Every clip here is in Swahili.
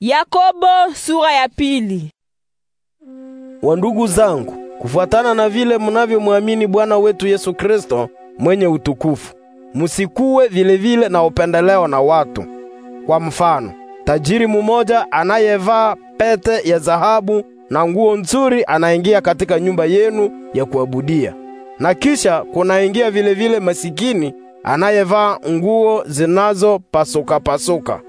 Yakobo sura ya pili. Wandugu zangu, kufuatana na vile munavyomwamini Bwana wetu Yesu Kristo mwenye utukufu, musikuwe vilevile na upendeleo na watu. Kwa mfano, tajiri mumoja anayevaa pete ya dhahabu na nguo nzuri anaingia katika nyumba yenu ya kuabudia, na kisha kunaingia vilevile masikini anayevaa nguo zinazopasuka pasuka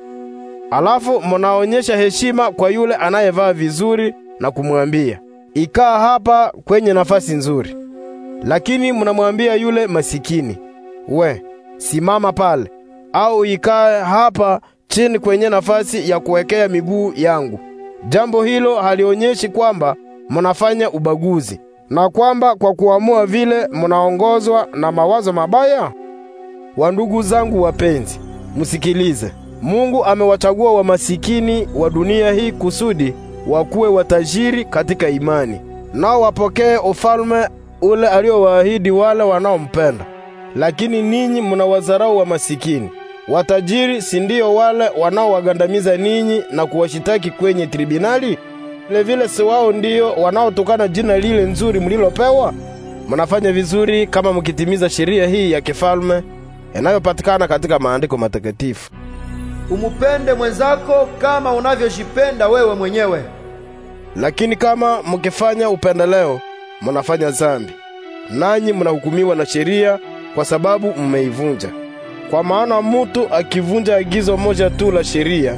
Alafu munaonyesha heshima kwa yule anayevaa vizuri na kumwambia, ikaa hapa kwenye nafasi nzuri. Lakini munamwambia yule masikini, we simama pale, au ikae hapa chini kwenye nafasi ya kuwekea miguu yangu. Jambo hilo halionyeshi kwamba munafanya ubaguzi na kwamba kwa kuamua vile munaongozwa na mawazo mabaya. Wandugu zangu wapenzi, musikilize. Mungu amewachagua wamasikini wa dunia hii kusudi wakuwe watajiri katika imani, nao wapokee ufalme ule aliowaahidi wale wanaompenda. Lakini ninyi mnawadharau wamasikini. Watajiri si ndio wale wanaowagandamiza ninyi na kuwashitaki kwenye vile vile si wao ndio wanaotukana jina lile nzuri mlilopewa? Mnafanya vizuri kama mkitimiza sheria hii ya kifalme inayopatikana katika maandiko matakatifu umupende mwenzako kama unavyojipenda wewe mwenyewe. Lakini kama mkifanya upendeleo, munafanya zambi, nanyi munahukumiwa na sheria kwa sababu mmeivunja. Kwa maana mutu akivunja agizo moja tu la sheria,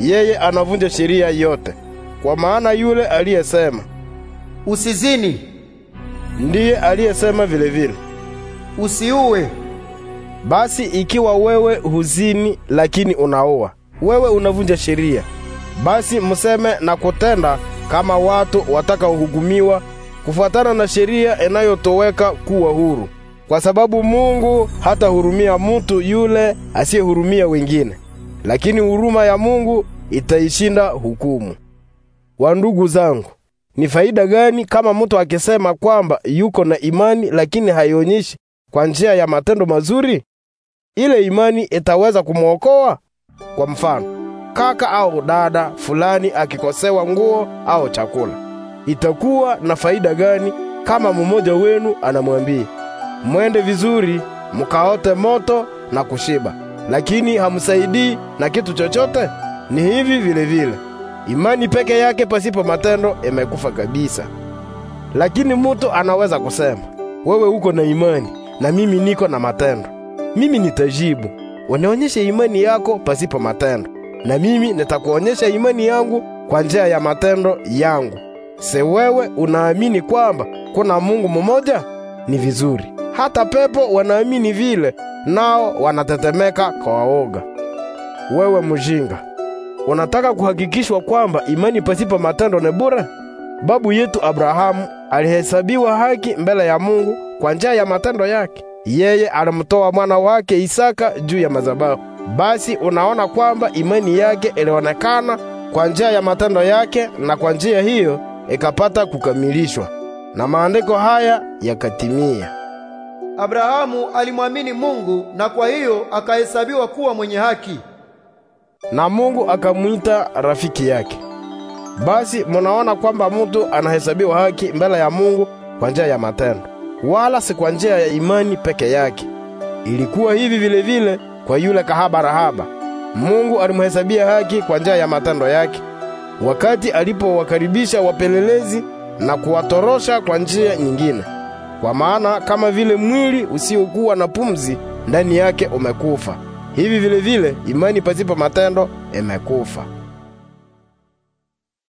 yeye anavunja sheria yote. Kwa maana yule aliyesema usizini ndiye aliyesema vilevile usiuwe basi ikiwa wewe huzini lakini unaoa, wewe unavunja sheria. Basi museme na kutenda kama watu watakaohukumiwa kufuatana na sheria inayotoweka kuwa huru, kwa sababu Mungu hatahurumia mutu yule asiyehurumia wengine, lakini huruma ya Mungu itaishinda hukumu. ndugu zangu, ni faida gani kama mutu akisema kwamba yuko na imani lakini haionyeshi kwa njia ya matendo mazuri? Ile imani itaweza kumwokoa? Kwa mfano, kaka au dada fulani akikosewa nguo au chakula, itakuwa na faida gani kama mmoja wenu anamwambia, mwende vizuri mkaote moto na kushiba, lakini hamsaidii na kitu chochote? Ni hivi vile vile imani peke yake pasipo matendo imekufa kabisa. Lakini mutu anaweza kusema, wewe uko na imani na mimi niko na matendo. Mimi nitajibu, unionyeshe imani yako pasipo matendo, na mimi nitakuonyesha imani yangu kwa njia ya matendo yangu. Se wewe unaamini kwamba kuna Mungu mmoja? Ni vizuri. Hata pepo wanaamini vile, nao wanatetemeka kwa waoga. Wewe mjinga, unataka kuhakikishwa kwamba imani pasipo matendo ni bure? Babu yetu Abrahamu alihesabiwa haki mbele ya Mungu kwa njia ya matendo yake. Yeye alimtoa mwana wake Isaka juu ya madhabahu. Basi unaona kwamba imani yake ilionekana kwa njia ya matendo yake, na kwa njia hiyo ikapata kukamilishwa, na maandiko haya yakatimia: Abrahamu alimwamini Mungu, na kwa hiyo akahesabiwa kuwa mwenye haki, na Mungu akamwita rafiki yake. Basi munaona kwamba mutu anahesabiwa haki mbele ya Mungu kwa njia ya matendo wala si kwa njia ya imani peke yake. Ilikuwa hivi vile vile kwa yule kahaba Rahaba. Mungu alimhesabia haki kwa njia ya matendo yake, wakati alipowakaribisha wapelelezi na kuwatorosha kwa njia nyingine. Kwa maana kama vile mwili usiokuwa na pumzi ndani yake umekufa, hivi vile vile imani pasipo matendo imekufa.